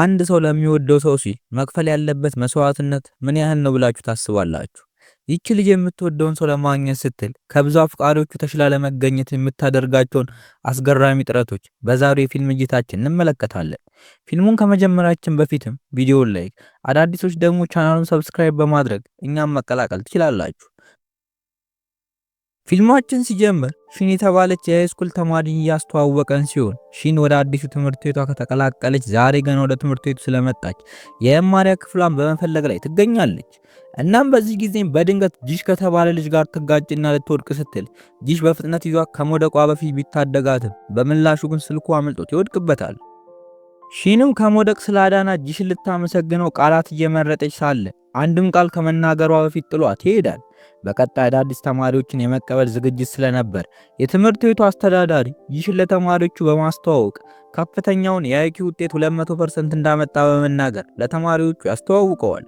አንድ ሰው ለሚወደው ሰው ሲል መክፈል ያለበት መስዋዕትነት ምን ያህል ነው ብላችሁ ታስባላችሁ? ይቺ ልጅ የምትወደውን ሰው ለማግኘት ስትል ከብዙ አፍቃሪዎቹ ተሽላ ለመገኘት የምታደርጋቸውን አስገራሚ ጥረቶች በዛሬው የፊልም እይታችን እንመለከታለን። ፊልሙን ከመጀመራችን በፊትም ቪዲዮውን ላይክ፣ አዳዲሶች ደግሞ ቻናሉን ሰብስክራይብ በማድረግ እኛም መቀላቀል ትችላላችሁ። ፊልማችን ሲጀምር ሽን የተባለች የሃይስኩል ተማሪ እያስተዋወቀን ሲሆን ሽን ወደ አዲሱ ትምህርት ቤቷ ከተቀላቀለች ዛሬ ገና ወደ ትምህርት ቤቱ ስለመጣች የመማሪያ ክፍሏን በመፈለግ ላይ ትገኛለች። እናም በዚህ ጊዜም በድንገት ጂሽ ከተባለ ልጅ ጋር ትጋጭና ልትወድቅ ስትል ጂሽ በፍጥነት ይዟ ከመውደቋ በፊት ቢታደጋትም በምላሹ ግን ስልኩ አምልጦት ይወድቅበታል። ሺንም ከመውደቅ ስላዳና ጂሽን ልታመሰግነው ቃላት እየመረጠች ሳለ አንድም ቃል ከመናገሯ በፊት ጥሏት ይሄዳል። በቀጣይ አዳዲስ ተማሪዎችን የመቀበል ዝግጅት ስለነበር የትምህርት ቤቱ አስተዳዳሪ ይህን ለተማሪዎቹ በማስተዋወቅ ከፍተኛውን የአይኪ ውጤት 200% እንዳመጣ በመናገር ለተማሪዎቹ ያስተዋውቀዋል።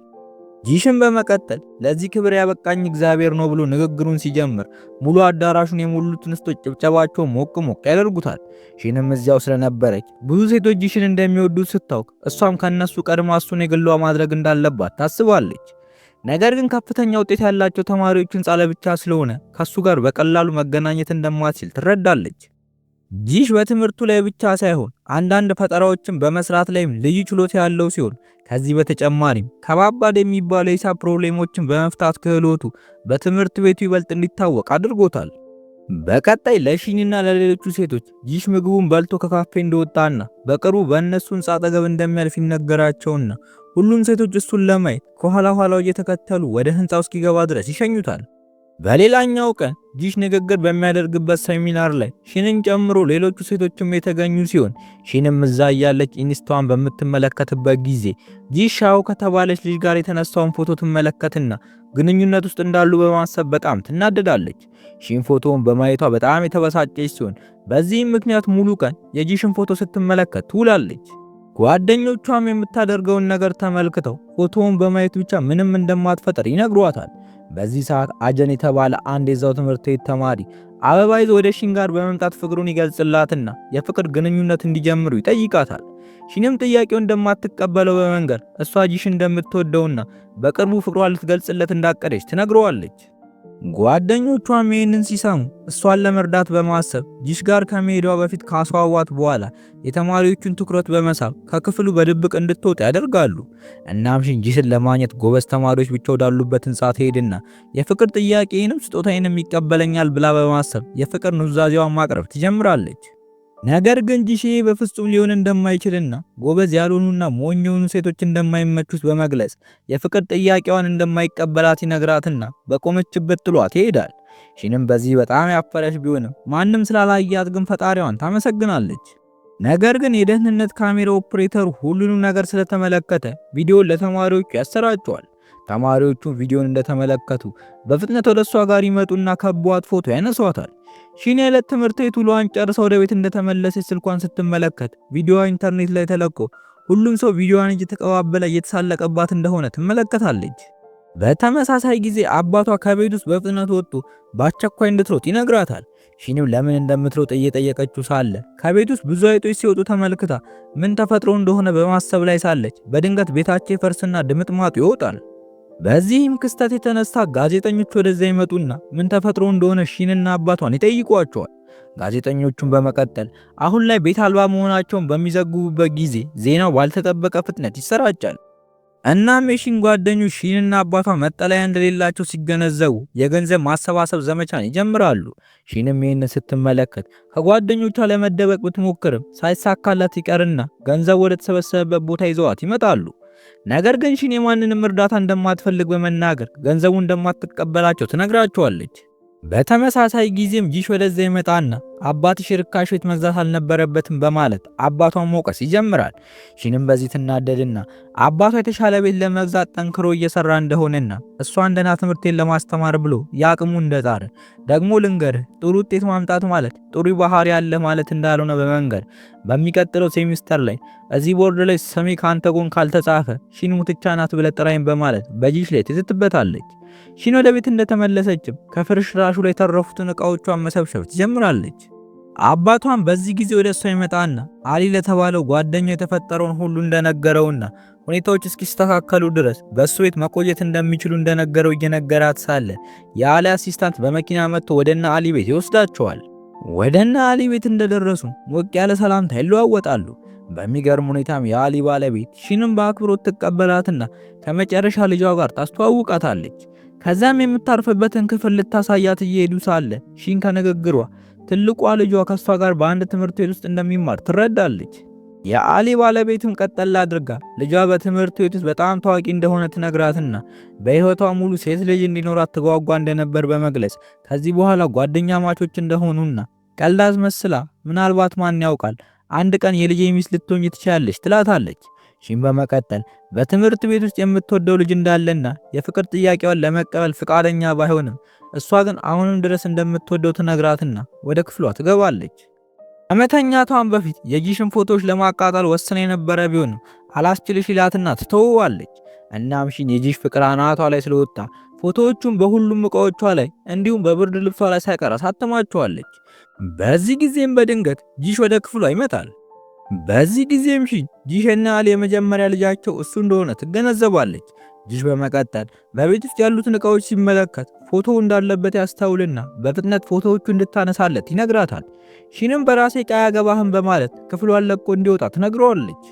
ይሽን በመቀጠል ለዚህ ክብር ያበቃኝ እግዚአብሔር ነው ብሎ ንግግሩን ሲጀምር ሙሉ አዳራሹን የሞሉት እንስቶች ጭብጨባቸውን ሞቅ ሞቅ ያደርጉታል። ሺንም እዚያው ስለነበረች ብዙ ሴቶች ይሽን እንደሚወዱት ስታውቅ እሷም ከነሱ ቀድማ እሱን የግሏ ማድረግ እንዳለባት ታስባለች። ነገር ግን ከፍተኛ ውጤት ያላቸው ተማሪዎች ህንፃ ለብቻ ስለሆነ ከሱ ጋር በቀላሉ መገናኘት እንደማትችል ትረዳለች። ጂሽ በትምህርቱ ላይ ብቻ ሳይሆን አንዳንድ ፈጠራዎችን በመስራት ላይም ልዩ ችሎታ ያለው ሲሆን ከዚህ በተጨማሪም ከባባድ የሚባሉ የሂሳብ ፕሮብሌሞችን በመፍታት ክህሎቱ በትምህርት ቤቱ ይበልጥ እንዲታወቅ አድርጎታል። በቀጣይ ለሺኒና ለሌሎቹ ሴቶች ጂሽ ምግቡን በልቶ ከካፌ እንደወጣና በቅርቡ በእነሱ ህንፃ አጠገብ እንደሚያልፍ ይነገራቸውና ሁሉም ሴቶች እሱን ለማየት ከኋላ ኋላው እየተከተሉ ወደ ህንፃው እስኪገባ ድረስ ይሸኙታል። በሌላኛው ቀን ጂሽ ንግግር በሚያደርግበት ሴሚናር ላይ ሺንን ጨምሮ ሌሎቹ ሴቶችም የተገኙ ሲሆን ሺንም እዛ እያለች ኢንስታዋን በምትመለከትበት ጊዜ ጂሽ ሻው ከተባለች ልጅ ጋር የተነሳውን ፎቶ ትመለከትና ግንኙነት ውስጥ እንዳሉ በማሰብ በጣም ትናደዳለች። ሺን ፎቶውን በማየቷ በጣም የተበሳጨች ሲሆን በዚህም ምክንያት ሙሉ ቀን የጂሽን ፎቶ ስትመለከት ትውላለች። ጓደኞቿም የምታደርገውን ነገር ተመልክተው ፎቶውን በማየት ብቻ ምንም እንደማትፈጠር ይነግሯታል። በዚህ ሰዓት አጀን የተባለ አንድ የዛው ትምህርት ቤት ተማሪ አበባ ይዞ ወደ ሽን ጋር በመምጣት ፍቅሩን ይገልጽላትና የፍቅር ግንኙነት እንዲጀምሩ ይጠይቃታል። ሽንም ጥያቄው እንደማትቀበለው በመንገር እሷ ጂሽ እንደምትወደውና በቅርቡ ፍቅሯ ልትገልጽለት እንዳቀደች ትነግረዋለች። ጓደኞቿም ይህንን ሲሰሙ እሷን ለመርዳት በማሰብ ጂሽ ጋር ከመሄዷ በፊት ካስዋዋት በኋላ የተማሪዎቹን ትኩረት በመሳብ ከክፍሉ በድብቅ እንድትወጥ ያደርጋሉ። እናም ሽን ለማግኘት ጎበዝ ተማሪዎች ብቻ ወዳሉበት ህንፃ ትሄድና የፍቅር ጥያቄንም ስጦታዬንም ይቀበለኛል ብላ በማሰብ የፍቅር ኑዛዜዋን ማቅረብ ትጀምራለች። ነገር ግን ጂሼ በፍጹም ሊሆን እንደማይችልና ጎበዝ ያልሆኑና ሞኝ የሆኑ ሴቶች እንደማይመቹት በመግለጽ የፍቅር ጥያቄዋን እንደማይቀበላት ይነግራትና በቆመችበት ጥሏት ይሄዳል። ሺንም በዚህ በጣም ያፈረች ቢሆንም ማንም ስላላያት ግን ፈጣሪዋን ታመሰግናለች። ነገር ግን የደህንነት ካሜራ ኦፕሬተሩ ሁሉንም ነገር ስለተመለከተ ቪዲዮን ለተማሪዎቹ ያሰራጫዋል። ተማሪዎቹ ቪዲዮን እንደተመለከቱ በፍጥነት ወደ እሷ ጋር ይመጡና ከቧት ፎቶ ያነሷታል። ሺን የዕለት ትምህርት ቤት ውሏን ጨርሳ ወደ ቤት እንደተመለሰች ስልኳን ስትመለከት ቪዲዮዋ ኢንተርኔት ላይ ተለቆ ሁሉም ሰው ቪዲዮዋን እየተቀባበለ እየተሳለቀባት እንደሆነ ትመለከታለች። በተመሳሳይ ጊዜ አባቷ ከቤት ውስጥ በፍጥነት ወጥቶ በአስቸኳይ እንድትሮጥ ይነግራታል። ሺንም ለምን እንደምትሮጥ እየጠየቀችው ሳለ ከቤት ውስጥ ብዙ አይጦች ሲወጡ ተመልክታ ምን ተፈጥሮ እንደሆነ በማሰብ ላይ ሳለች በድንገት ቤታቸው ይፈርስና ድምጥማጡ ይወጣል። በዚህም ክስተት የተነሳ ጋዜጠኞች ወደዚያ ይመጡና ምን ተፈጥሮ እንደሆነ ሺንና አባቷን ይጠይቋቸዋል። ጋዜጠኞቹን በመቀጠል አሁን ላይ ቤት አልባ መሆናቸውን በሚዘግቡበት ጊዜ ዜናው ባልተጠበቀ ፍጥነት ይሰራጫል። እናም የሺን ጓደኞች ሺንና አባቷ መጠለያ እንደሌላቸው ሲገነዘቡ የገንዘብ ማሰባሰብ ዘመቻን ይጀምራሉ። ሺንም ይህን ስትመለከት ከጓደኞቿ ለመደበቅ ብትሞክርም ሳይሳካላት ይቀርና ገንዘብ ወደ ተሰበሰበበት ቦታ ይዘዋት ይመጣሉ። ነገር ግን ሽን ማንንም እርዳታ እንደማትፈልግ በመናገር ገንዘቡ እንደማትቀበላቸው ትነግራቸዋለች። በተመሳሳይ ጊዜም ጂሽ ወደዛ ይመጣና አባትሽ ርካሽ ቤት መግዛት አልነበረበትም በማለት አባቷን መውቀስ ይጀምራል። ሺንም በዚህ ትናደድና አባቷ የተሻለ ቤት ለመግዛት ጠንክሮ እየሰራ እንደሆነና እሷ እንደና ትምህርቴን ለማስተማር ብሎ የአቅሙ እንደጣረ ደግሞ ልንገርህ ጥሩ ውጤት ማምጣት ማለት ጥሩ ባህሪ ያለ ማለት እንዳልሆነ በመንገድ በሚቀጥለው ሴሚስተር ላይ እዚህ ቦርድ ላይ ስሜ ካንተ ጎን ካልተጻፈ ሺን ሙትቻ ናት ብለህ ጥራኝ በማለት በጂሽ ላይ ትዝትበታለች። ሺን ወደ ቤት እንደተመለሰችም ከፍርሽራሹ ላይ የተረፉትን እቃዎቿን መሰብሰብ ትጀምራለች። አባቷን በዚህ ጊዜ ወደ እሷ ይመጣና አሊ ለተባለው ጓደኛው የተፈጠረውን ሁሉ እንደነገረውና ሁኔታዎች እስኪስተካከሉ ድረስ በእሱ ቤት መቆየት እንደሚችሉ እንደነገረው እየነገራት ሳለ የአሊ አሲስታንት በመኪና መጥቶ ወደና አሊ ቤት ይወስዳቸዋል። ወደና አሊ ቤት እንደደረሱ ሞቅ ያለ ሰላምታ ይለዋወጣሉ። በሚገርም ሁኔታም የአሊ ባለቤት ሺንም በአክብሮት ትቀበላትና ከመጨረሻ ልጇ ጋር ታስተዋውቃታለች። ከዚያም የምታርፍበትን ክፍል ልታሳያት እየሄዱ ሳለ ሺን ከንግግሯ ትልቋ ልጇ ከሷ ጋር በአንድ ትምህርት ቤት ውስጥ እንደሚማር ትረዳለች። የአሊ ባለቤትም ቀጠል አድርጋ ልጇ በትምህርት ቤት ውስጥ በጣም ታዋቂ እንደሆነ ትነግራትና በሕይወቷ ሙሉ ሴት ልጅ እንዲኖራት ትጓጓ እንደነበር በመግለጽ ከዚህ በኋላ ጓደኛ ማቾች እንደሆኑና ቀልድ አስመስላ ምናልባት ማን ያውቃል አንድ ቀን የልጄ ሚስት ልትሆኝ ትችያለች ትላታለች። ሺም በመቀጠል በትምህርት ቤት ውስጥ የምትወደው ልጅ እንዳለና የፍቅር ጥያቄዋን ለመቀበል ፍቃደኛ ባይሆንም እሷ ግን አሁንም ድረስ እንደምትወደው ትነግራትና ወደ ክፍሏ ትገባለች። ከመተኛቷን በፊት የጂሽን ፎቶዎች ለማቃጠል ወስነ የነበረ ቢሆንም አላስችልሽ ይላትና ትተውዋለች። እናም ሺን የጂሽ ፍቅር አናቷ ላይ ስለወጣ ፎቶዎቹን በሁሉም እቃዎቿ ላይ እንዲሁም በብርድ ልብሷ ላይ ሳይቀር አሳትማቸዋለች። በዚህ ጊዜም በድንገት ጂሽ ወደ ክፍሏ ይመጣል። በዚህ ጊዜም ሺ ጂሽና አሊ የመጀመሪያ ልጃቸው እሱ እንደሆነ ትገነዘባለች። ጂሽ በመቀጠል በቤት ውስጥ ያሉትን እቃዎች ሲመለከት ፎቶ እንዳለበት ያስተውልና በፍጥነት ፎቶዎቹ እንድታነሳለት ይነግራታል። ሺንም በራሴ ቃያ ያገባህም በማለት ክፍሏን ለቆ እንዲወጣ ትነግረዋለች።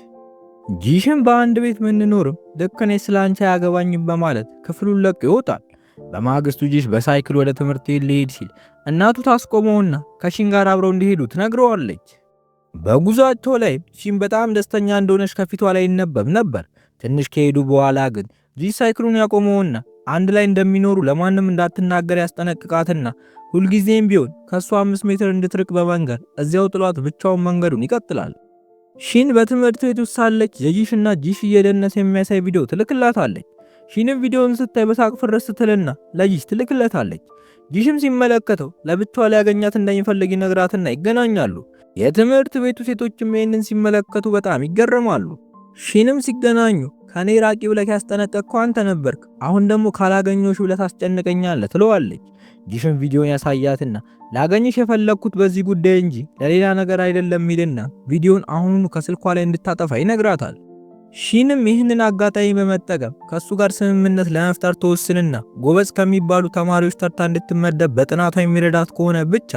ጂሽን በአንድ ቤት ምንኖርም ልክ እኔ ስለ አንቺ አያገባኝም በማለት ክፍሉን ለቆ ይወጣል። በማግስቱ ጂሽ በሳይክል ወደ ትምህርት ሊሄድ ሲል እናቱ ታስቆመውና ከሺን ጋር አብረው እንዲሄዱ ትነግረዋለች። በጉዟቸው ላይ ሺም በጣም ደስተኛ እንደሆነች ከፊቷ ላይ ይነበብ ነበር። ትንሽ ከሄዱ በኋላ ግን ሪሳይክሉን ሳይክሉን ያቆመውና አንድ ላይ እንደሚኖሩ ለማንም እንዳትናገር ያስጠነቅቃትና ሁልጊዜም ቢሆን ከእሱ አምስት ሜትር እንድትርቅ በመንገድ እዚያው ጥሏት ብቻውን መንገዱን ይቀጥላል። ሺን በትምህርት ቤት ውስጥ ሳለች የጂሽ እና ጂሽ እየደነሰ የሚያሳይ ቪዲዮ ትልክላታለች። ሺንም ቪዲዮውን ስታይ በሳቅ ፍርስ ስትልና ለጂሽ ትልክለታለች። ጂሽም ሲመለከተው ለብቻዋ ሊያገኛት እንደሚፈልግ ይነግራትና ይገናኛሉ። የትምህርት ቤቱ ሴቶችም ይህንን ሲመለከቱ በጣም ይገረማሉ። ሺንም ሲገናኙ ከኔ ራቂ ብለህ ያስጠነቀቅከው አንተ ነበርክ፣ አሁን ደግሞ ካላገኘ ብለህ ታስጨንቀኛለህ ትለዋለች። ጂሽም ቪዲዮን ያሳያትና ላገኝሽ የፈለግኩት በዚህ ጉዳይ እንጂ ለሌላ ነገር አይደለም ሚልና ቪዲዮን አሁኑ ከስልኳ ላይ እንድታጠፋ ይነግራታል። ሺንም ይህንን አጋጣሚ በመጠቀም ከእሱ ጋር ስምምነት ለመፍጠር ተወስንና ጎበዝ ከሚባሉ ተማሪዎች ተርታ እንድትመደብ በጥናቷ የሚረዳት ከሆነ ብቻ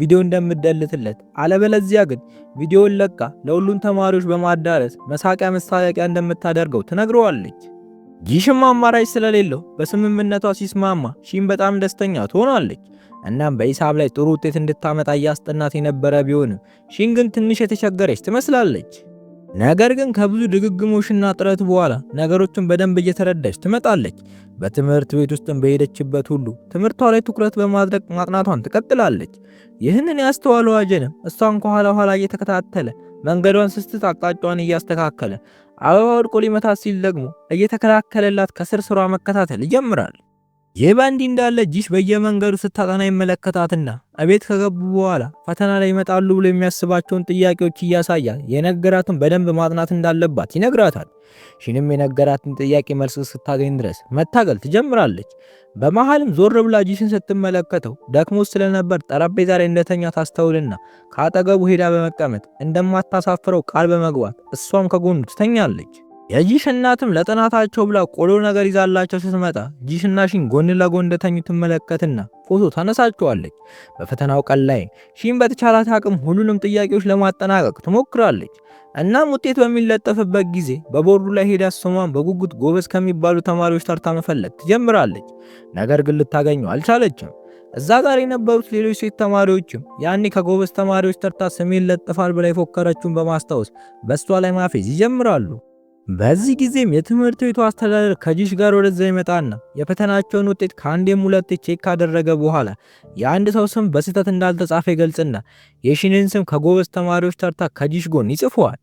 ቪዲዮ እንደምደልትለት፣ አለበለዚያ ግን ቪዲዮውን ለቃ ለሁሉም ተማሪዎች በማዳረስ መሳቂያ መሳቂያ እንደምታደርገው ትነግረዋለች። ይሽም አማራጭ ስለሌለው በስምምነቷ ሲስማማ ሺን በጣም ደስተኛ ትሆናለች። እናም በሂሳብ ላይ ጥሩ ውጤት እንድታመጣ እያስጠናት የነበረ ቢሆንም ሺን ግን ትንሽ የተቸገረች ትመስላለች። ነገር ግን ከብዙ ድግግሞሽና ጥረት በኋላ ነገሮችን በደንብ እየተረዳች ትመጣለች። በትምህርት ቤት ውስጥም በሄደችበት ሁሉ ትምህርቷ ላይ ትኩረት በማድረግ ማጥናቷን ትቀጥላለች። ይህንን ያስተዋለው አጀንም እሷን ከኋላ ኋላ እየተከታተለ መንገዷን ስስት አቅጣጫዋን እያስተካከለ አበባ ወድቆ ሊመታት ሲል ደግሞ እየተከላከለላት ከስር ስሯ መከታተል ይጀምራል። ይህ በእንዲህ እንዳለ ጂሽ በየመንገዱ ስታጠና ይመለከታትና እቤት ከገቡ በኋላ ፈተና ላይ ይመጣሉ ብሎ የሚያስባቸውን ጥያቄዎች እያሳያል። የነገራትን በደንብ ማጥናት እንዳለባት ይነግራታል። ሽንም የነገራትን ጥያቄ መልስ ስታገኝ ድረስ መታገል ትጀምራለች። በመሃልም ዞር ብላ ጂሽን ስትመለከተው ደክሞ ስለነበር ጠረጴዛ ላይ እንደተኛ ታስተውልና ከአጠገቡ ሄዳ በመቀመጥ እንደማታሳፍረው ቃል በመግባት እሷም ከጎኑ ትተኛለች። የጂሽ እናትም ለጥናታቸው ብላ ቆሎ ነገር ይዛላቸው ስትመጣ ጂሽና ሺን ጎን ለጎን እንደተኙ ትመለከትና ፎቶ ታነሳቸዋለች። በፈተናው ቀን ላይ ሺን በተቻላት አቅም ሁሉንም ጥያቄዎች ለማጠናቀቅ ትሞክራለች። እናም ውጤት በሚለጠፍበት ጊዜ በቦርዱ ላይ ሄዳ ስሟን በጉጉት ጎበዝ ከሚባሉ ተማሪዎች ተርታ መፈለግ ትጀምራለች። ነገር ግን ልታገኘው አልቻለችም። እዛ ጋር የነበሩት ሌሎች ሴት ተማሪዎችም ያኔ ከጎበዝ ተማሪዎች ተርታ ስሜን ለጥፋል ብላ የፎከረችውን በማስታወስ በእሷ ላይ ማፌዝ ይጀምራሉ። በዚህ ጊዜም የትምህርት ቤቱ አስተዳደር ከጂሽ ጋር ወደዛ ይመጣና የፈተናቸውን ውጤት ከአንዴም ሁለቴ ቼክ ካደረገ በኋላ የአንድ ሰው ስም በስህተት እንዳልተጻፈ ይገልጽና የሺንን ስም ከጎበዝ ተማሪዎች ተርታ ከጂሽ ጎን ይጽፈዋል።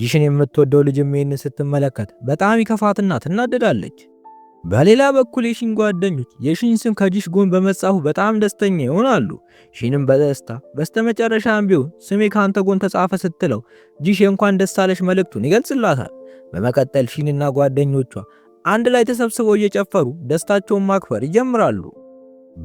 ጂሽን የምትወደው ልጅም ይህንን ስትመለከት በጣም ይከፋትና ትናደዳለች። በሌላ በኩል የሽን ጓደኞች የሽን ስም ከጂሽ ጎን በመጻፉ በጣም ደስተኛ ይሆናሉ። ሽንም በደስታ በስተመጨረሻም ቢሆን ስሜ ከአንተ ጎን ተጻፈ ስትለው ጂሽ እንኳን ደስ አለሽ መልእክቱን ይገልጽላታል። በመቀጠል ሺንና ጓደኞቿ አንድ ላይ ተሰብስበው እየጨፈሩ ደስታቸውን ማክበር ይጀምራሉ።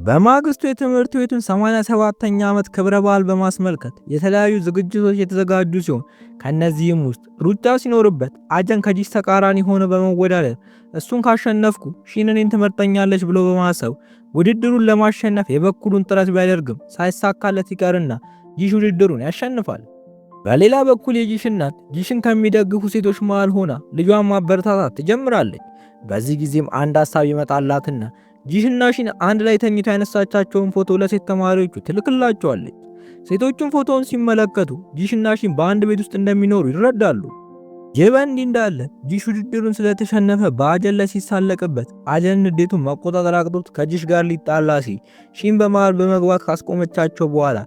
በማግስቱ የትምህርት ቤቱን 87ኛ ዓመት ክብረ በዓል በማስመልከት የተለያዩ ዝግጅቶች የተዘጋጁ ሲሆን ከእነዚህም ውስጥ ሩጫ ሲኖርበት አጀን ከጂስ ተቃራኒ ሆነ በመወዳደር እሱን ካሸነፍኩ ሺን እኔን ትመርጠኛለች ብሎ በማሰብ ውድድሩን ለማሸነፍ የበኩሉን ጥረት ቢያደርግም ሳይሳካለት ይቀርና ይህ ውድድሩን ያሸንፋል። በሌላ በኩል የጂሽ እናት ጂሽን ከሚደግፉ ሴቶች መሃል ሆና ልጇን ማበረታታት ትጀምራለች። በዚህ ጊዜም አንድ ሀሳብ ይመጣላትና ጂሽና ሺን አንድ ላይ ተኝቶ ያነሳቻቸውን ፎቶ ለሴት ተማሪዎቹ ትልክላቸዋለች። ሴቶቹን ፎቶውን ሲመለከቱ ጂሽና ሺን በአንድ ቤት ውስጥ እንደሚኖሩ ይረዳሉ። ይህ በእንዲህ እንዳለ ጂሽ ውድድሩን ስለተሸነፈ በአጀን ላይ ሲሳለቅበት አጀን ንዴቱን መቆጣጠር አቅቶት ከጂሽ ጋር ሊጣላ ሲ ሺን በመሃል በመግባት ካስቆመቻቸው በኋላ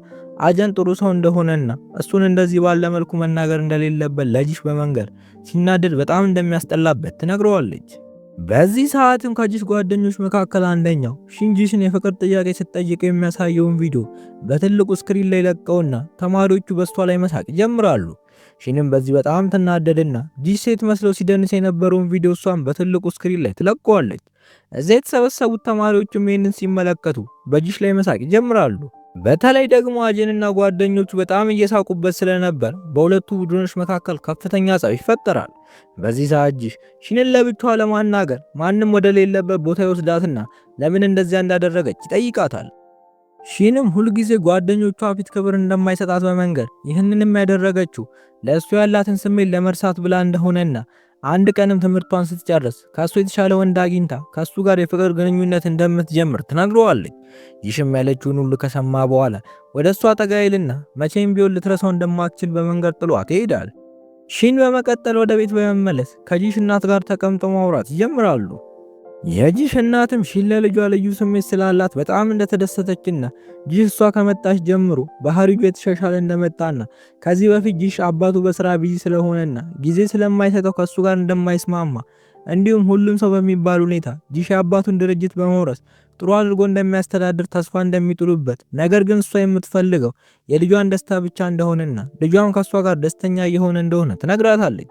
አጀን ጥሩ ሰው እንደሆነና እሱን እንደዚህ ባለ መልኩ መናገር እንደሌለበት ለጂሽ በመንገር ሲናደድ በጣም እንደሚያስጠላበት ትነግረዋለች። በዚህ ሰዓትም ከጂሽ ጓደኞች መካከል አንደኛው ሽንጂሽን የፍቅር ጥያቄ ስትጠይቀው የሚያሳየውን ቪዲዮ በትልቁ ስክሪን ላይ ለቀውና ተማሪዎቹ በእሷ ላይ መሳቅ ይጀምራሉ። ሽንም በዚህ በጣም ትናደድና ጂሽ ሴት መስለው ሲደንስ የነበረውን ቪዲዮ እሷን በትልቁ ስክሪን ላይ ትለቀዋለች። እዚያ የተሰበሰቡት ተማሪዎቹም ይህንን ሲመለከቱ በጂሽ ላይ መሳቅ ይጀምራሉ። በተለይ ደግሞ አጀንና ጓደኞቹ በጣም እየሳቁበት ስለነበር በሁለቱ ቡድኖች መካከል ከፍተኛ ጸብ ይፈጠራል። በዚህ ሰዓት ጂሽ ለብቻዋ ለማናገር ማንም ወደ ሌለበት ቦታ ይወስዳትና ለምን እንደዚያ እንዳደረገች ይጠይቃታል። ሺንም ሁልጊዜ ጓደኞቿ ፊት ክብር እንደማይሰጣት በመንገር ይህንንም ያደረገችው ለእሱ ያላትን ስሜት ለመርሳት ብላ እንደሆነና አንድ ቀንም ትምህርቷን ስትጨርስ ከሱ የተሻለ ወንድ አግኝታ ከሱ ጋር የፍቅር ግንኙነት እንደምትጀምር ትነግረዋለች። ይሽም ያለችውን ሁሉ ከሰማ በኋላ ወደ እሷ ጠጋ ይልና መቼም ቢሆን ልትረሳው እንደማትችል በመንገድ ጥሏት ይሄዳል። ሺን በመቀጠል ወደ ቤት በመመለስ ከጂሽ እናት ጋር ተቀምጦ ማውራት ይጀምራሉ። የጂሽ እናትም ሺን ለልጇ ልዩ ስሜት ስላላት በጣም እንደተደሰተችና ጂሽ እሷ ከመጣች ጀምሮ ባህሪው የተሻሻለ እንደመጣና ከዚህ በፊት ጂሽ አባቱ በስራ ቢዚ ስለሆነና ጊዜ ስለማይሰጠው ከሱ ጋር እንደማይስማማ እንዲሁም ሁሉም ሰው በሚባል ሁኔታ ጂሽ አባቱን ድርጅት በመውረስ ጥሩ አድርጎ እንደሚያስተዳድር ተስፋ እንደሚጥሉበት፣ ነገር ግን እሷ የምትፈልገው የልጇን ደስታ ብቻ እንደሆነና ልጇን ከእሷ ጋር ደስተኛ እየሆነ እንደሆነ ትነግራታለች።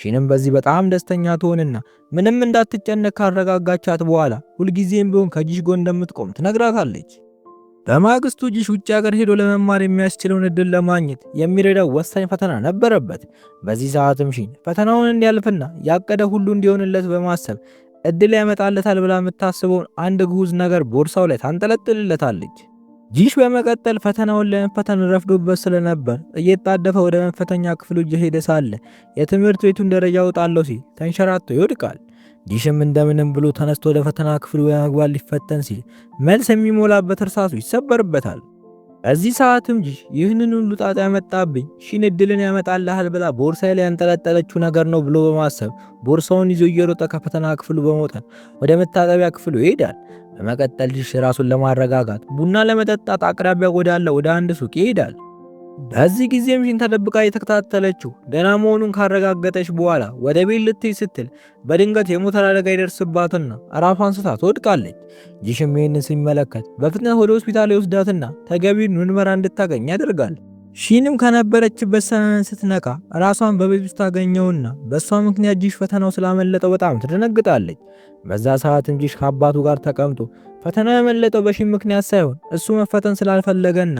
ሺንም በዚህ በጣም ደስተኛ ትሆንና ምንም እንዳትጨነቅ ካረጋጋቻት በኋላ ሁልጊዜም ቢሆን ከጂሽ ጎን እንደምትቆም ትነግራታለች። በማግስቱ ጂሽ ውጭ ሀገር ሄዶ ለመማር የሚያስችለውን እድል ለማግኘት የሚረዳው ወሳኝ ፈተና ነበረበት። በዚህ ሰዓትም ሺን ፈተናውን እንዲያልፍና ያቀደ ሁሉ እንዲሆንለት በማሰብ እድል ያመጣለታል ብላ የምታስበውን አንድ ግዑዝ ነገር ቦርሳው ላይ ታንጠለጥልለታለች። ጂሽ በመቀጠል ፈተናውን ለመፈተን ረፍዶበት ስለነበር እየጣደፈ ወደ መፈተኛ ክፍሉ እየሄደ ሳለ የትምህርት ቤቱን ደረጃ እወጣለሁ ሲል ተንሸራቶ ይወድቃል። ጂሽም እንደምንም ብሎ ተነስቶ ወደ ፈተና ክፍሉ በመግባት ሊፈተን ሲል መልስ የሚሞላበት እርሳሱ ይሰበርበታል። በዚህ ሰዓትም ይህንን ሁሉ ጣጣ ያመጣብኝ ሺን እድልን ያመጣልሃል ብላ ቦርሳዬ ላይ ያንጠለጠለችው ነገር ነው ብሎ በማሰብ ቦርሳውን ይዞ እየሮጠ ከፈተና ክፍሉ በመውጣት ወደ መታጠቢያ ክፍሉ ይሄዳል። በመቀጠል ልጅ ራሱን ለማረጋጋት ቡና ለመጠጣት አቅራቢያ ወዳለ ወደ አንድ ሱቅ ይሄዳል። በዚህ ጊዜም ሽን ተደብቃ የተከታተለችው ደህና መሆኑን ካረጋገጠች በኋላ ወደ ቤት ልትይ ስትል በድንገት የሞተር አደጋ ይደርስባትና ራፏን ስታ ትወድቃለች። ጂሽም ይህንን ሲመለከት በፍጥነት ወደ ሆስፒታል ይወስዳትና ተገቢውን ምርመራ እንድታገኝ ያደርጋል። ሺንም ከነበረችበት ሰናን ስትነቃ ራሷን በቤት ውስጥ ታገኘውና በእሷ ምክንያት ጂሽ ፈተናው ስላመለጠው በጣም ትደነግጣለች። በዛ ሰዓትም ጂሽ ከአባቱ ጋር ተቀምጦ ፈተናው ያመለጠው በሺን ምክንያት ሳይሆን እሱ መፈተን ስላልፈለገና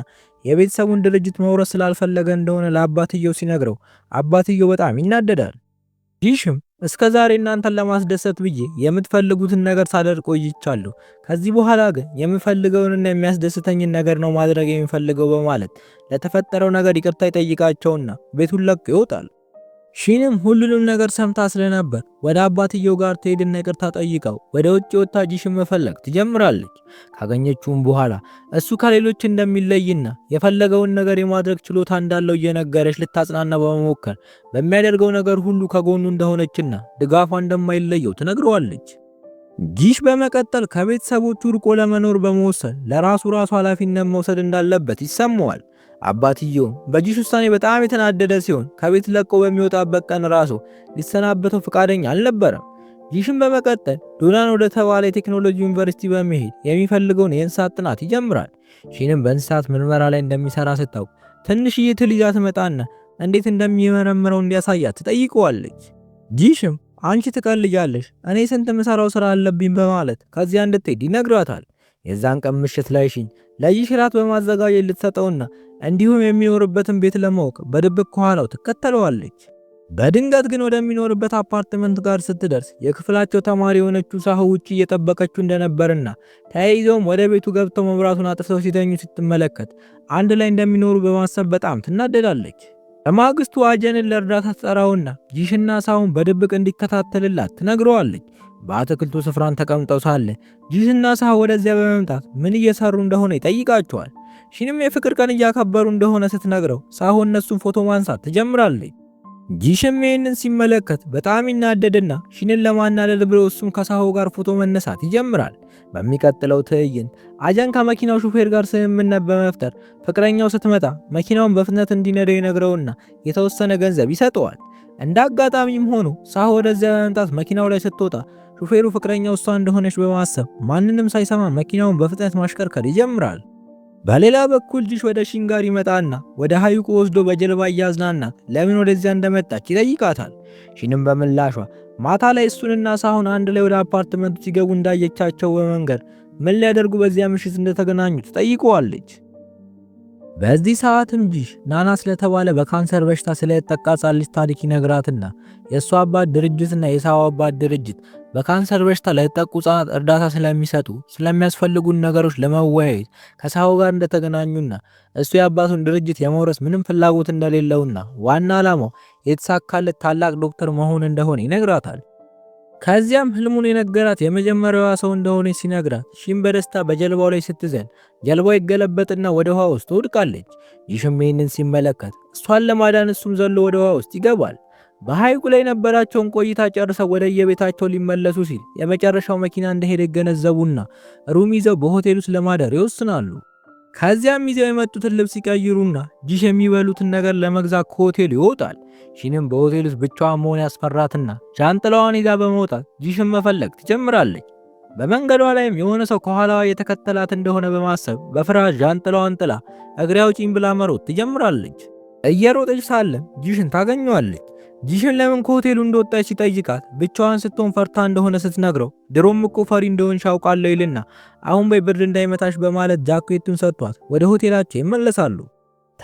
የቤተሰቡን ድርጅት መውረስ ስላልፈለገ እንደሆነ ለአባትየው ሲነግረው አባትየው በጣም ይናደዳል። ዲሽም እስከ ዛሬ እናንተን ለማስደሰት ብዬ የምትፈልጉትን ነገር ሳደርግ ቆይቻለሁ። ከዚህ በኋላ ግን የምፈልገውንና የሚያስደስተኝን ነገር ነው ማድረግ የሚፈልገው በማለት ለተፈጠረው ነገር ይቅርታ ይጠይቃቸውና ቤቱን ለቅ ይወጣል። ሺንም ሁሉንም ነገር ሰምታ ስለነበር ወደ አባትየው ጋር ትሄድና ይቅርታ ጠይቀው ወደ ውጭ ወጥታ ጂሽን መፈለግ ትጀምራለች። ካገኘችውም በኋላ እሱ ከሌሎች እንደሚለይና የፈለገውን ነገር የማድረግ ችሎታ እንዳለው እየነገረች ልታጽናና በመሞከር በሚያደርገው ነገር ሁሉ ከጎኑ እንደሆነችና ድጋፏ እንደማይለየው ትነግረዋለች። ጊሽ በመቀጠል ከቤተሰቦቹ ርቆ ለመኖር በመወሰን ለራሱ ራሱ ኃላፊነት መውሰድ እንዳለበት ይሰማዋል። አባትየው በዚህ ውሳኔ በጣም የተናደደ ሲሆን ከቤት ለቆ በሚወጣበት ቀን ራሱ ሊሰናበተው ፈቃደኛ አልነበረም። ጂሽን በመቀጠል ዶናን ወደ ተባለ የቴክኖሎጂ ዩኒቨርሲቲ በመሄድ የሚፈልገውን የእንስሳት ጥናት ይጀምራል። ሺንም በእንስሳት ምርመራ ላይ እንደሚሰራ ስታውቅ ትንሽዬ ትል ይዛ ትመጣና እንዴት እንደሚመረምረው እንዲያሳያት ትጠይቀዋለች። ጂሽም አንቺ ትቀልጃለሽ፣ እኔ ስንት ምሰራው ስራ አለብኝ በማለት ከዚያ እንድትሄድ ይነግራታል። የዛን ቀን ምሽት ላይ ሽኝ ለይሽ ራት በማዘጋጀት ልትሰጠውና እንዲሁም የሚኖርበትን ቤት ለማወቅ በድብቅ ከኋላው ትከተለዋለች። በድንገት ግን ወደሚኖርበት አፓርትመንት ጋር ስትደርስ የክፍላቸው ተማሪ የሆነችው ሳሁ ውጭ እየጠበቀችው እንደነበርና ተያይዘውም ወደ ቤቱ ገብተው መብራቱን አጥፍተው ሲተኙ ስትመለከት አንድ ላይ እንደሚኖሩ በማሰብ በጣም ትናደዳለች። በማግስቱ አጀንን ለእርዳታ ትጠራውና ይሽና ሳሁን በድብቅ እንዲከታተልላት ትነግረዋለች። በአትክልቱ ስፍራን ተቀምጠው ሳለ ጂስና ሳህ ወደዚያ በመምጣት ምን እየሰሩ እንደሆነ ይጠይቃቸዋል። ሺንም የፍቅር ቀን እያከበሩ እንደሆነ ስትነግረው ሳሆ እነሱን ፎቶ ማንሳት ትጀምራለች። ጂሽም ይህንን ሲመለከት በጣም ይናደድና ሺንን ለማናደድ ብሎ እሱም ከሳሆ ጋር ፎቶ መነሳት ይጀምራል። በሚቀጥለው ትዕይንት አጃን ከመኪናው ሹፌር ጋር ስምምነት በመፍጠር ፍቅረኛው ስትመጣ መኪናውን በፍጥነት እንዲነደው ይነግረውና የተወሰነ ገንዘብ ይሰጠዋል። እንደ አጋጣሚም ሆኖ ሳሆ ወደዚያ በመምጣት መኪናው ላይ ስትወጣ ሹፌሩ ፍቅረኛው እሷ እንደሆነች በማሰብ ማንንም ሳይሰማ መኪናውን በፍጥነት ማሽከርከር ይጀምራል። በሌላ በኩል ጅሽ ወደ ሽንጋር ይመጣና ወደ ሐይቁ ወስዶ በጀልባ ያዝናና ለምን ወደዚያ እንደመጣች ይጠይቃታል። ሺንም በምላሿ ማታ ላይ እሱንና ሳሁን አንድ ላይ ወደ አፓርትመንቱ ሲገቡ እንዳየቻቸው በመንገድ ምን ሊያደርጉ በዚያ ምሽት እንደተገናኙ ትጠይቀዋለች። በዚህ ሰዓትም ዲሽ ናና ስለተባለ በካንሰር በሽታ ስለተጠቃ ጻልጅ ታሪክ ይነግራትና የእሷ አባት ድርጅትና የሳዋ አባት ድርጅት በካንሰር በሽታ ለተጠቁ ህጻናት እርዳታ ስለሚሰጡ ስለሚያስፈልጉን ነገሮች ለመወያየት ከሳሆ ጋር እንደተገናኙና እሱ የአባቱን ድርጅት የመውረስ ምንም ፍላጎት እንደሌለውና ዋና ዓላማው የተሳካለት ታላቅ ዶክተር መሆን እንደሆነ ይነግራታል። ከዚያም ህልሙን የነገራት የመጀመሪያዋ ሰው እንደሆነ ሲነግራት ሺም በደስታ በጀልባው ላይ ስትዘን ጀልባው ይገለበጥና ወደ ውሃ ውስጥ ትወድቃለች። ይሽም ይህንን ሲመለከት እሷን ለማዳን እሱም ዘሎ ወደ ውሃ ውስጥ ይገባል። በሐይቁ ላይ የነበራቸውን ቆይታ ጨርሰው ወደ የቤታቸው ሊመለሱ ሲል የመጨረሻው መኪና እንደሄደ ገነዘቡና ሩም ይዘው በሆቴል ውስጥ ለማደር ይወስናሉ። ከዚያም ይዘው የመጡትን ልብስ ይቀይሩና ጅሽ የሚበሉትን ነገር ለመግዛት ከሆቴል ይወጣል። ሺንም በሆቴል ውስጥ ብቻዋ መሆን ያስፈራትና ጃንጥላዋን ይዛ በመውጣት ጂሽን መፈለግ ትጀምራለች። በመንገዷ ላይም የሆነ ሰው ከኋላዋ የተከተላት እንደሆነ በማሰብ በፍርሃት ጃንጥላዋን ጥላ እግሬ አውጪኝ ብላ መሮጥ ትጀምራለች። እየሮጠች ሳለም ጂሽን ታገኘዋለች። ጂሽን ለምን ከሆቴሉ እንደወጣች ሲጠይቃት ብቻዋን ስትሆን ፈርታ እንደሆነ ስትነግረው ድሮም እኮ ፈሪ እንደሆን አውቃለሁ ይልና አሁን በይ ብርድ እንዳይመታሽ በማለት ጃኬቱን ሰጥቷት ወደ ሆቴላቸው ይመለሳሉ።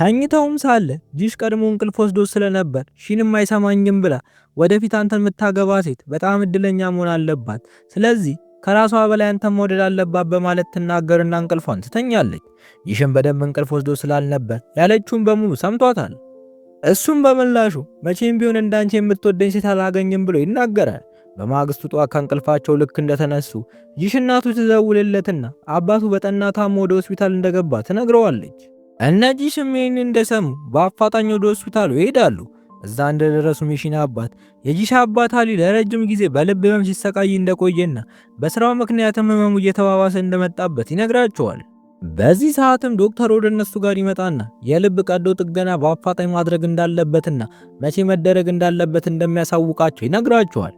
ተኝተውም ሳለ ጂሽ ቀድሞ እንቅልፍ ወስዶ ስለነበር ሺንም አይሰማኝም ብላ ወደፊት አንተን የምታገባ ሴት በጣም እድለኛ መሆን አለባት፣ ስለዚህ ከራሷ በላይ አንተን መውደድ አለባት በማለት ትናገርና እንቅልፏን ትተኛለች። ጂሽን በደንብ እንቅልፍ ወስዶ ስላልነበር ያለችውን በሙሉ ሰምቷታል። እሱም በምላሹ መቼም ቢሆን እንዳንቺ የምትወደኝ ሴት አላገኝም ብሎ ይናገራል። በማግስቱ ጠዋት ከእንቅልፋቸው ልክ እንደተነሱ ይሽ እናቱ ትዘውልለትና አባቱ በጠና ታሞ ወደ ሆስፒታል እንደገባ ትነግረዋለች። እነዚህ ስሜን እንደሰሙ በአፋጣኝ ወደ ሆስፒታሉ ይሄዳሉ። እዛ እንደደረሱ ሚሽና አባት የጂሻ አባት አሊ ለረጅም ጊዜ በልብ ህመም ሲሰቃይ እንደቆየና በስራው ምክንያትም ህመሙ እየተባባሰ እንደመጣበት ይነግራቸዋል። በዚህ ሰዓትም ዶክተር ወደ እነሱ ጋር ይመጣና የልብ ቀዶ ጥገና በአፋጣኝ ማድረግ እንዳለበትና መቼ መደረግ እንዳለበት እንደሚያሳውቃቸው ይነግራቸዋል።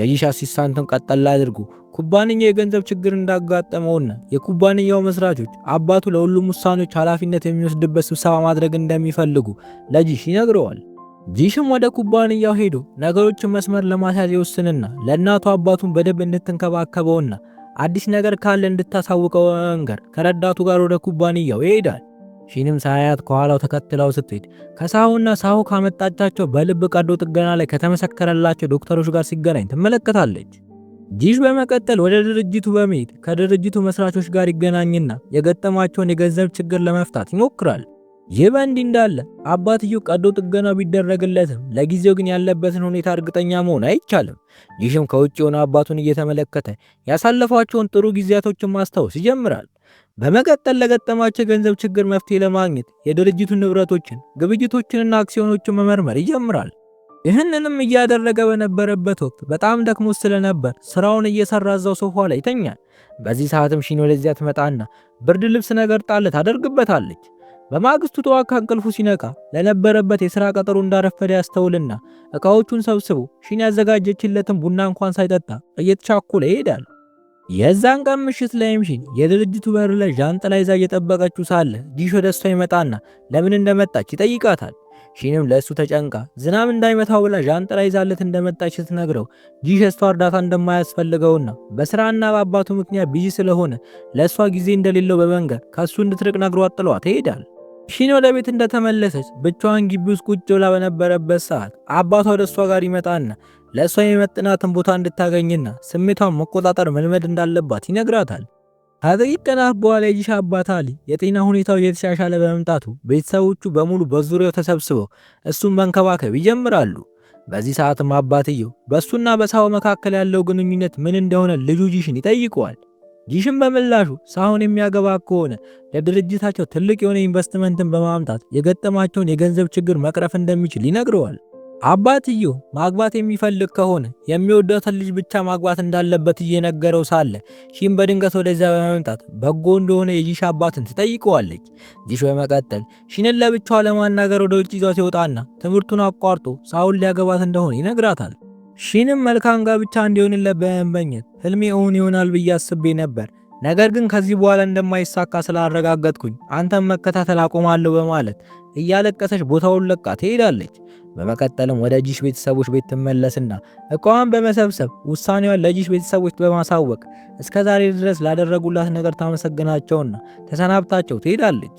የጂሽ አሲስታንትን ቀጠል አድርጎ ኩባንያ የገንዘብ ችግር እንዳጋጠመውና የኩባንያው መስራቾች አባቱ ለሁሉም ውሳኔዎች ኃላፊነት የሚወስድበት ስብሰባ ማድረግ እንደሚፈልጉ ለጂሽ ይነግረዋል። ጂሽም ወደ ኩባንያው ሄዶ ነገሮችን መስመር ለማስያዝ ይወስንና ለእናቱ አባቱን በደንብ እንድትንከባከበውና አዲስ ነገር ካለ እንድታሳውቀው እንገር። ከረዳቱ ጋር ወደ ኩባንያው ይሄዳል። ሺንም ሳያት ከኋላው ተከትለው ስትሄድ ከሳሁና ሳሁ ካመጣቻቸው በልብ ቀዶ ጥገና ላይ ከተመሰከረላቸው ዶክተሮች ጋር ሲገናኝ ትመለከታለች። ጂሽ በመቀጠል ወደ ድርጅቱ በመሄድ ከድርጅቱ መስራቾች ጋር ይገናኝና የገጠማቸውን የገንዘብ ችግር ለመፍታት ይሞክራል። ይህ በእንዲህ እንዳለ አባትየው ቀዶ ጥገና ቢደረግለትም ለጊዜው ግን ያለበትን ሁኔታ እርግጠኛ መሆን አይቻልም። ይህም ከውጭ የሆነ አባቱን እየተመለከተ ያሳለፏቸውን ጥሩ ጊዜያቶችን ማስታወስ ይጀምራል። በመቀጠል ለገጠማቸው ገንዘብ ችግር መፍትሄ ለማግኘት የድርጅቱን ንብረቶችን፣ ግብይቶችንና አክሲዮኖችን መመርመር ይጀምራል። ይህንንም እያደረገ በነበረበት ወቅት በጣም ደክሞት ስለነበር ስራውን እየሰራ እዛው ሶፋ ላይ ይተኛል። በዚህ ሰዓትም ሺኖ ለዚያ ትመጣና ብርድ ልብስ ነገር ጣለ ታደርግበታለች። በማግስቱ ጠዋት ከእንቅልፉ ሲነቃ ለነበረበት የሥራ ቀጠሮ እንዳረፈደ ያስተውልና ዕቃዎቹን ሰብስቦ ሺን ያዘጋጀችለትን ቡና እንኳን ሳይጠጣ እየተቻኮለ ይሄዳል። የዛን ቀን ምሽት ላይም ሺን የድርጅቱ በር ላይ ዣንጥላ ይዛ እየጠበቀችው ሳለ ዲሽ ወደ እሷ ይመጣና ለምን እንደመጣች ይጠይቃታል። ሺንም ለእሱ ተጨንቃ ዝናብ እንዳይመታው ብላ ዣንጥላ ይዛለት እንደመጣች ስትነግረው ዲሽ እሷ እርዳታ እንደማያስፈልገውና በስራና በአባቱ ምክንያት ቢዚ ስለሆነ ለእሷ ጊዜ እንደሌለው በመንገር ከእሱ እንድትርቅ ነግሯት ጥሏት ይሄዳል። ሺን ወደ ቤት እንደተመለሰች ብቻዋን ግቢ ውስጥ ቁጭ ብላ በነበረበት ሰዓት አባቷ ወደ እሷ ጋር ይመጣና ለእሷ የሚመጥናትን ቦታ እንድታገኝና ስሜቷን መቆጣጠር መልመድ እንዳለባት ይነግራታል። ከጥቂት ቀናት በኋላ የጂሻ አባት አሊ የጤና ሁኔታው እየተሻሻለ በመምጣቱ ቤተሰቦቹ በሙሉ በዙሪያው ተሰብስበው እሱን መንከባከብ ይጀምራሉ። በዚህ ሰዓትም አባትየው በእሱና በሳው መካከል ያለው ግንኙነት ምን እንደሆነ ልጁ ጂሽን ይጠይቀዋል። ይህም በምላሹ ሳሁን የሚያገባ ከሆነ ለድርጅታቸው ትልቅ የሆነ ኢንቨስትመንትን በማምጣት የገጠማቸውን የገንዘብ ችግር መቅረፍ እንደሚችል ይነግረዋል። አባትየው ማግባት የሚፈልግ ከሆነ የሚወዳትን ልጅ ብቻ ማግባት እንዳለበት እየነገረው ሳለ ሺም በድንገት ወደዚያ በመምጣት በጎ እንደሆነ የጂሽ አባትን ትጠይቀዋለች። ጂሾ በመቀጠል ሺንን ለብቻዋ ለማናገር ወደ ውጭ ይዟት ይወጣና ትምህርቱን አቋርጦ ሳሁን ሊያገባት እንደሆነ ይነግራታል። ሺንም መልካም ጋብቻ እንዲሆንለት በመመኘት ህልሜ እውን ይሆናል ብዬ አስቤ ነበር። ነገር ግን ከዚህ በኋላ እንደማይሳካ ስላረጋገጥኩኝ አንተን መከታተል አቆማለሁ በማለት እያለቀሰች ቦታውን ለቃ ትሄዳለች። በመቀጠልም ወደ ጂሽ ቤተሰቦች ቤት ትመለስና እቃዋን በመሰብሰብ ውሳኔዋን ለጂሽ ቤተሰቦች በማሳወቅ እስከ ዛሬ ድረስ ላደረጉላት ነገር ታመሰግናቸውና ተሰናብታቸው ትሄዳለች።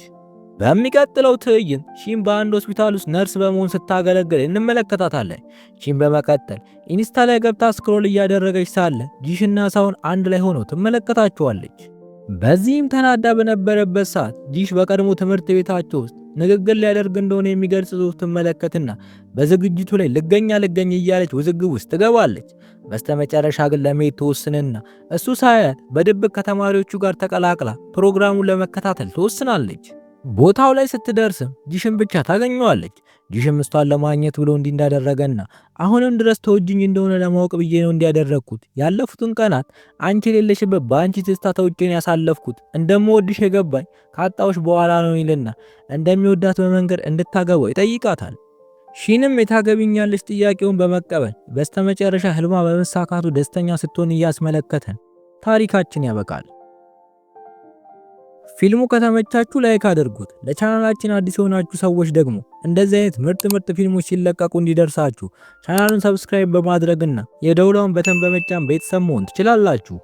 በሚቀጥለው ትዕይንት ሺን በአንድ ሆስፒታል ውስጥ ነርስ በመሆን ስታገለግል እንመለከታታለን። ሺን በመቀጠል ኢንስታ ላይ ገብታ ስክሮል እያደረገች ሳለ ጂሽና ሳሁን አንድ ላይ ሆኖ ትመለከታቸዋለች። በዚህም ተናዳ በነበረበት ሰዓት ጂሽ በቀድሞ ትምህርት ቤታቸው ውስጥ ንግግር ሊያደርግ እንደሆነ የሚገልጽ ጽሑፍ ትመለከትና በዝግጅቱ ላይ ልገኛ ልገኝ እያለች ውዝግብ ውስጥ ትገባለች። በስተመጨረሻ ግን ለመሄድ ትወስንና እሱ ሳያት በድብቅ ከተማሪዎቹ ጋር ተቀላቅላ ፕሮግራሙን ለመከታተል ትወስናለች። ቦታው ላይ ስትደርስም ጂሽን ብቻ ታገኘዋለች። ጂሽም እሷን ለማግኘት ብሎ እንዲህ እንዳደረገና አሁንም ድረስ ተወጅኝ እንደሆነ ለማወቅ ብዬ ነው እንዲያደረግኩት ያለፉትን ቀናት አንቺ የሌለሽበት በአንቺ ትስታ ተውጭን ያሳለፍኩት እንደምወድሽ የገባኝ ካጣዎች በኋላ ነው ይልና እንደሚወዳት በመንገድ እንድታገባው ይጠይቃታል። ሺንም የታገቢኛለች ጥያቄውን በመቀበል በስተመጨረሻ ህልማ በመሳካቱ ደስተኛ ስትሆን እያስመለከተን ታሪካችን ያበቃል። ፊልሙ ከተመቻችሁ ላይክ አድርጉት። ለቻናላችን አዲስ የሆናችሁ ሰዎች ደግሞ እንደዚህ አይነት ምርጥ ምርጥ ፊልሞች ሲለቀቁ እንዲደርሳችሁ ቻናሉን ሰብስክራይብ በማድረግና የደውላውን በተን በመጫን ቤተሰብ መሆን ትችላላችሁ።